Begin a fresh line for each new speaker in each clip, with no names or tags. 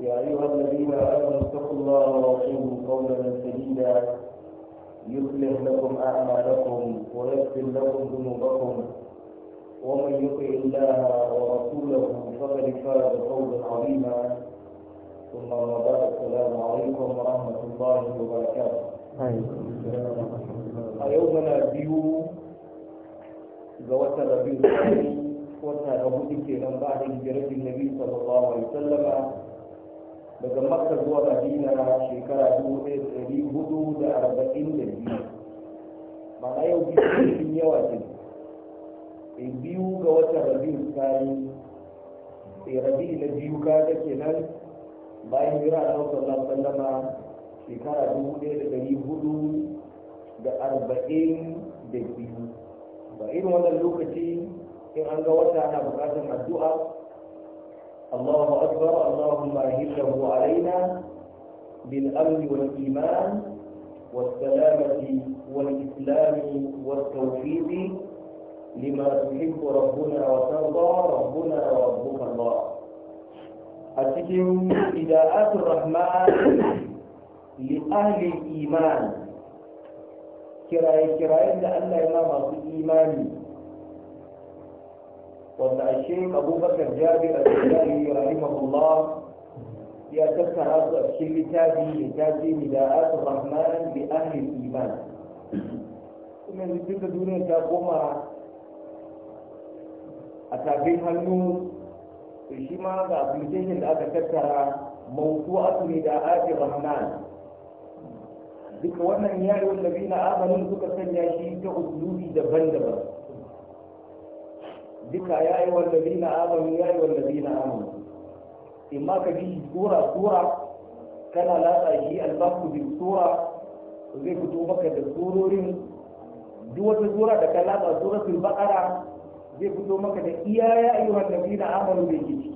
يا أيها الذين آمنوا اتقوا الله وقولوا قولا سديدا يصلح لكم أعمالكم ويغفر لكم ذنوبكم ومن يطع الله ورسوله فقد فاز فوزا عظيما ثم ما بعد السلام عليكم ورحمة الله وبركاته. أيومنا بيو زوات ربيع الثاني أبو هودي من بعد هجرة النبي صلى الله عليه وسلم daga makka zuwa madina shekara dubu ɗaya da hudu da arba'in da biyu ma'ana yau biyu yawa ce a eh, biyu ga wata rabin tsari a eh, rabi na biyu kaga kenan bayan jira a ɗaukar lafallama shekara dubu ɗaya da hudu da arba'in da biyu ba irin wannan lokaci in an ga wata ana buƙatar addu'a الله أكبر اللهم أهله علينا بالأمن والإيمان والسلامة والإسلام والتوفيق لما تحب ربنا وترضى ربنا وربك الله أتكلم إداءات الرحمن لأهل الإيمان كراي كراي لأن ما في إيماني wanda a shi abubakar jabir al-jari rahimahullah ya tattara su a cikin littafi da tafi da asu rahman bi ahli iman kuma yanzu duka duniyar ta koma a tafin hannu da shi ma ga application da aka tattara mawdu'atu ne da asu rahman duka wannan yayin da bi na amanu suka sanya shi ta usulubi daban-daban duka ya yi wallazi na amanu ya yi wallazi na amanu in ma ka bi sura sura kana latsa shi albaku bin sura zai fito maka da surorin duk wata sura da ka latsa suratul baqara zai fito maka da iya ya yi wallazi na amanu da ke ciki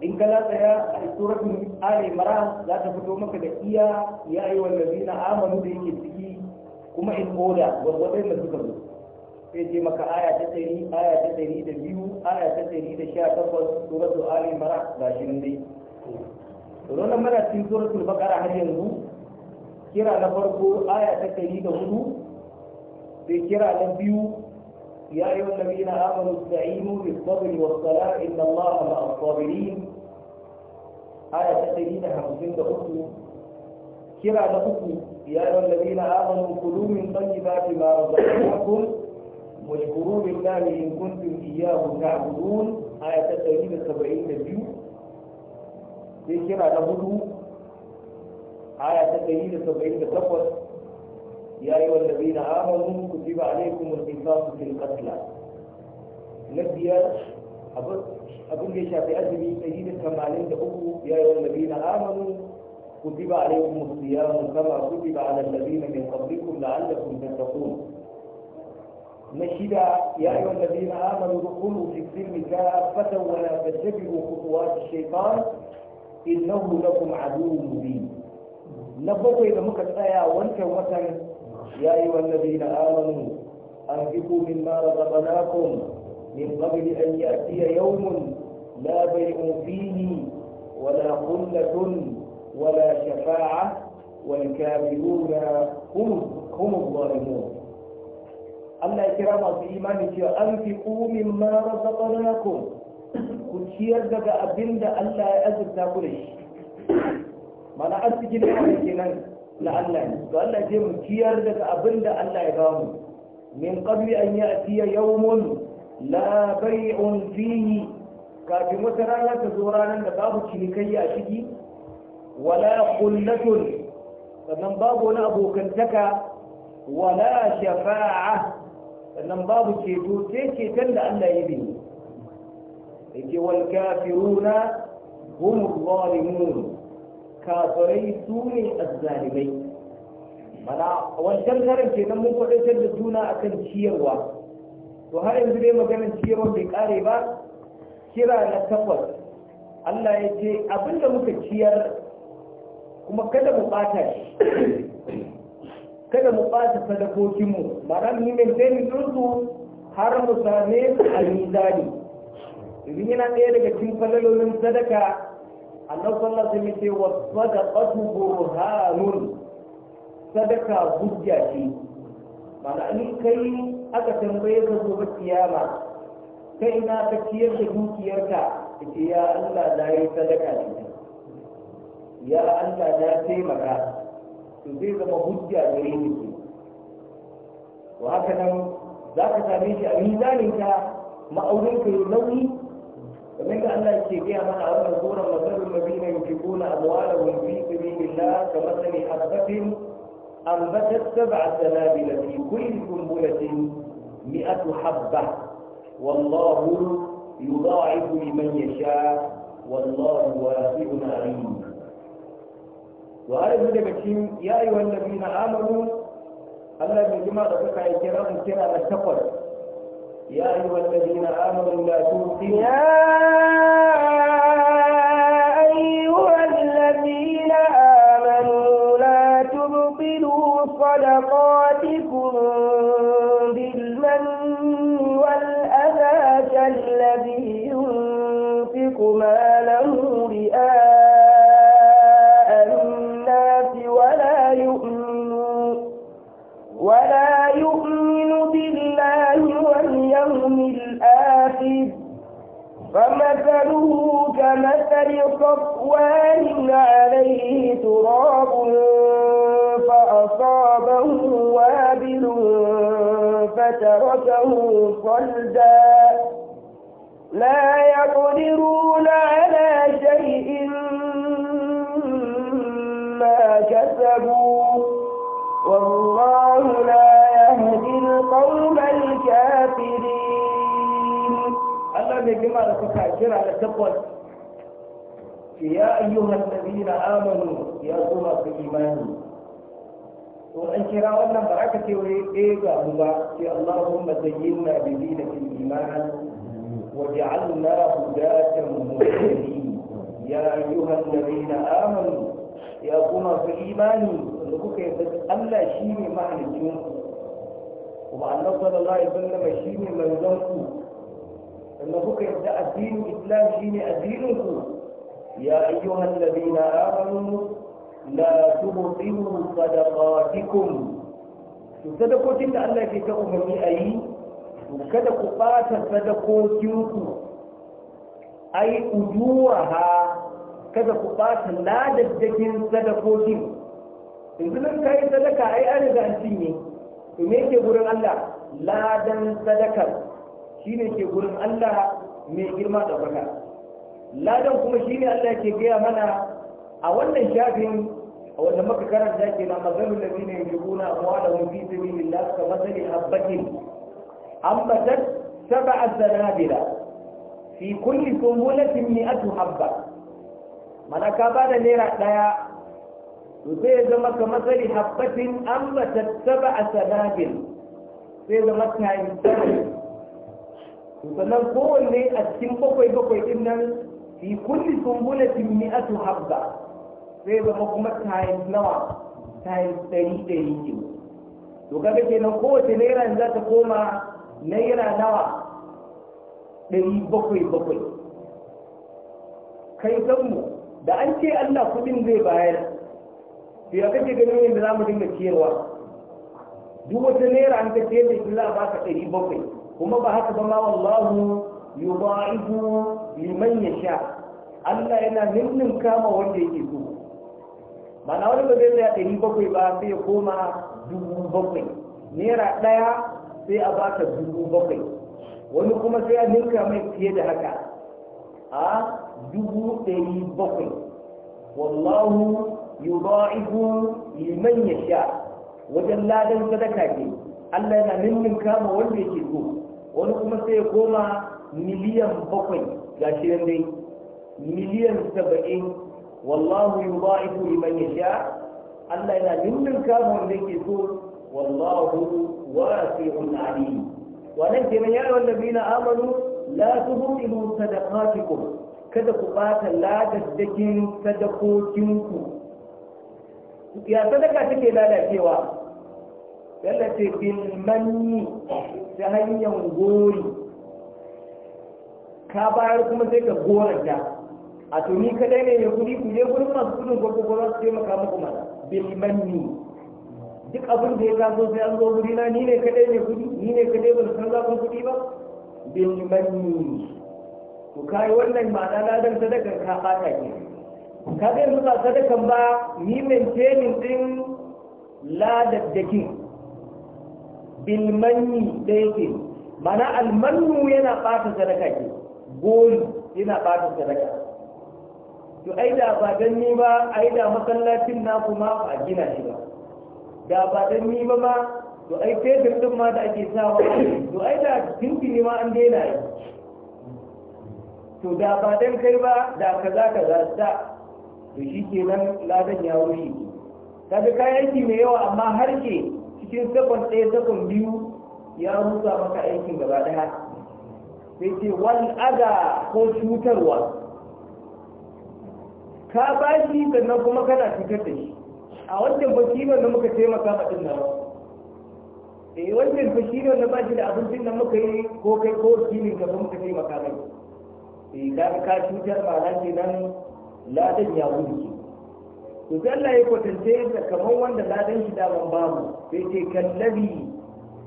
in ka latsa ya a suratul ali mara za ta fito maka da iya ya yi wallazi na amanu da ke ciki kuma in oda gwargwadon da suka zo sai ce maka aya ta ɗari aya ta ɗari da biyu aya ta ɗari da sha takwas suratul ali imran ga shi ne dai to nan muna cikin suratul baqara har yanzu kira na farko aya ta ɗari da hudu sai kira na biyu يا أيها الذين آمنوا استعينوا بالصبر والصلاة إن da مع الصابرين آية تقريبا خمسين دقيقة كرا دقيقة يا أيها الذين آمنوا كلوا من طيبات ما رزقناكم واشكروا لله إن كنتم إياه تعبدون آية تسعين السبعين بيو في كرة نبدو آية تسعين السبعين تقوى يا أيها الذين آمنوا كتب عليكم القصاص في القتلى نبيا أبن جيشا في أزمي سيدة كمالين تقوى يا أيها الذين آمنوا كتب عليكم الصيام كما كتب على الذين من قبلكم لعلكم تتقون نشد يا أيها الذين آمنوا ادخلوا في السلم كافة ولا تتبعوا خطوات الشيطان إنه لكم عدو مبين نبقوا إذا مكت آية وانت مثلا يا أيها الذين آمنوا أنفقوا مما رزقناكم من قبل أن يأتي يوم لا بيع فيه ولا قلة ولا شفاعة والكافرون هم هم الظالمون Allah ya kira masu imani cewa an fi kumin ma razaqnakum ku ciyar daga abin da Allah ya azurta ku da shi mana arzikin da ake kenan na Allah ne to Allah ce mu ciyar daga abin da Allah ya bamu min qabli an yi a ya'tiya yawmun la bay'un fihi kafin wata rana ta zo ranar da babu cinikayya a ciki wala kullatun sannan babu wani abokantaka wala shafa'a sannan babu ceto sai ceton da Allah ya bin yake wal kafiruna hum zalimun kafirai su ne azzalimai mana wancan karin kenan mun kwadaitar da juna akan ciyarwa to har yanzu dai maganar ciyarwa bai kare ba kira na takwas Allah ya ce abinda muka ciyar kuma kada mu bata shi kada mu ɓata sadakokinmu ma'ana mu yi maintaining ɗinsu har mu same su a mizani idan yana ɗaya daga cikin falalolin sadaka a sallallahu alaihi wasallam ce wa sadaqatu burhanun sadaka hujja ce ma'ana an kai aka tambaye ka ba kiyama kai ina ka ciyar da dukiyarka ce ya Allah na yi sadaka ce ya Allah na taimaka to zai zama hujja da yi ne to haka nan za ka same shi a mizanin ka ma'aurin ka yi nauyi kamar da Allah ke gaya mana a wannan sura masalul ladina yunfiquna amwalahum fi sabilillah kamathali habatin anbatat sab'a sanabila fi kulli sunbulatin mi'atu habba والله يضاعف لمن يشاء والله واسع عليم وهذا من بكين يا أيها الذين آمنوا الله من جمع ربك يا كرام كنا نشقر يا أيها الذين آمنوا لا
تنقل يا أيها تبطلوا صدقاتكم بالمن والأذى كالذي ينفق فمثله كمثل صفوان عليه تراب فأصابه وابل فتركه صلدا لا يقدرون على شيء ne girma da kuka kira da tabbas ya ayyuhan
na amanu ya zo masu imani to an kira wannan ba aka ce wai eh ga mu ba sai Allahumma zayyinna bi dinil iman wa ja'alna hudatan muhtadin ya ayyuhan na amanu ya kuma su imani da kuka yi Allah shi shine mahalicin kuma Allah sallallahu alaihi shi ne mai ku sannan kuka yi yadda addinin islam shine addinin ku ya na ladina amanu la tubtilu sadaqatikum to sadakokin da Allah ke ta umarni a yi to kada ku bata sadakokinku ai ujuwaha kada ku ɓata ladaddakin sadakokin yanzu nan kayi sadaka ai an riga an cinye me yake gurin Allah ladan sadakar shine ke gurin Allah mai girma da baka ladan kuma shi ne Allah ke gaya mana a wannan shafin a wanda maka karanta ke na mazalu da zina yi jibuna amma da wani fi sabilillah ka masali habbatin ambatat sab'a zanabila fi kulli sumbulatin mi'atu habba mana ka bada naira ɗaya. to sai ya zama ka matsari habbatin an matattaba a sanabil sai ya zama yi tsarin to sannan kowanne a cikin bakwai bakwai din nan fi kulli sumbulatin mi'atu habba sai zama kuma times nawa times ɗari ɗari ke to kaga kenan kowace naira za ta koma naira nawa ɗari bakwai bakwai kai mu da an ce Allah kudin zai bayar sai ya kake ganin yadda za mu dinga ciyarwa duk wata naira an ka ce da ita za a bakwai kuma ba haka ba ma wallahu yudha'ifu liman yasha Allah yana ninnin kama wanda yake so mana wani ba zai tsaya ɗari bakwai ba sai ya koma dubu bakwai naira ɗaya sai a baka dubu bakwai wani kuma sai ya ninka mai fiye da haka a dubu ɗari bakwai wallahu yudha'ifu liman yasha wajen ladan sadaka ke Allah yana ninnin kama wanda yake so wani kuma sai ya koma miliyan bakwai ga shi dai miliyan saba'in wallahu yudha'ifu liman sha Allah yana nunin kama wanda ke so wallahu wasi'un alim wannan kenan ya ayyuhal ladina amanu la ilu sadakatiku kada ku bata ladaddakin sadakokinku ya sadaka take lalacewa yadda ce bilmanni ta hanyar gori ka bayar kuma sai ka ta. a tuni ka kadai ne ya kudi ku je gurin masu kudin gwagwa ko za su taimaka muku mana bilmanni duk abin da ya taso sai an zo wuri na ni ne kadai ne kudi ni ne kadai ban san zafin kudi ba bilmanni Ku kai wannan ma'ana dan sadakar ka fata ke ka ga yanzu ba sadakan ba ni maintaining din ladaddakin bilmanni ɗaya yake mana almannu yana ɓata sadaka ke gori yana ɓata sadaka to ai da ba dan ni ba ai da masallacin na kuma ba gina shi ba da ba dan ni ba ma to ai fetur din ma da ake sawa to ai da tuntuni ma an daina yi to da ba dan kai ba da kaza kaza da to shi kenan ladan ya rushe kaga kayan ki mai yawa amma harshe cikin sakon ɗaya sakon biyu ya rusa maka aikin gaba ɗaya sai ce wani aga ko cutarwa ka ba shi sannan kuma kana cutar da shi a wancan fasirar wanda muka taimaka ma ɗin nan eh wancan ne wanda ba shi da abincin da muka yi ko kai ko wakilin ka muka taimaka mai eh ka cutar ba na ke nan ladan ya wuce to sai Allah ya kwatance da kamar wanda ladan shi daman babu sai ce kallabi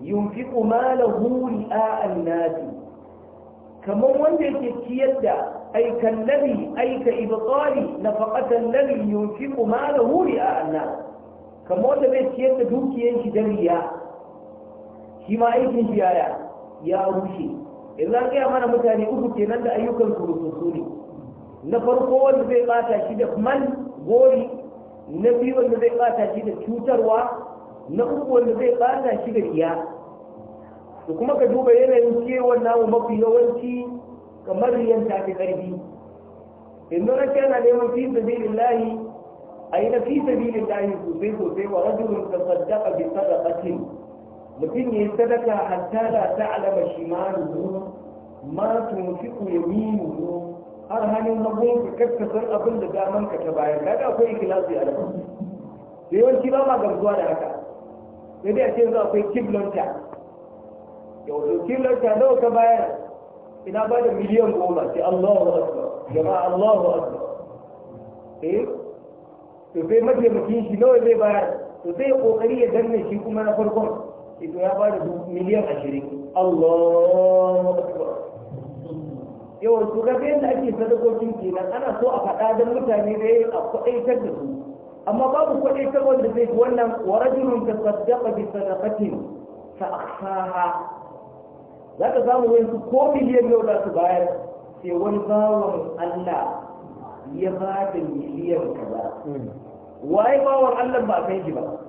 yunfiqu malahu ri'a an-nas kamar wanda yake ciyar da ay kallabi ay ka ibtali nafaqatan ladhi yunfiqu malahu ri'a an-nas kamar wanda zai ciyar da dukiyar shi da riya shi ma aikin shi yaya ya rushe yanzu an gaya mana mutane uku kenan da ayyukan su ne na farko wanda zai bata shi da man gori na biyu wanda zai bata shi da cutarwa na uku wanda zai bata shi da iya da kuma ka duba yanayin kewan namu mafi yawanci kamar riyan ta fi ƙarfi yanzu na kana neman fi sabilillahi a yi na fi sabilillahi sosai sosai wa rajulun tasaddaqa bi sadaqatin mutum ya yi sadaka hatta ta ta'lama shimaluhu ma tunfiqu yaminuhu har hannun hagun ka kakkasar abin da daman ka ta bayan kaga akwai ikilasi a daban da yawanci ba ma gamsuwa da haka sai dai a ce yanzu akwai kiblonta yau to kiblonta nawa ka bayar ina ba da miliyan goma sai Allahu akbar jama'a Allahu akbar eh to sai mataimakin shi nawa zai bayar to sai ya kokari ya danne shi kuma na farkon ito ya ba da miliyan ashirin Allahu akbar yawan su ga yadda ake sadakokin kenan ana so a faɗa don mutane da yayi a ta da su amma babu ta wanda zai fi wannan wa rajulun ka saddaqa bi sadaqatin ta aksaha za ka samu su ko miliyan yau za su bayar sai wani bawan Allah ya ba da miliyan Wa hmm. waye bawan Allah ba kai ji ba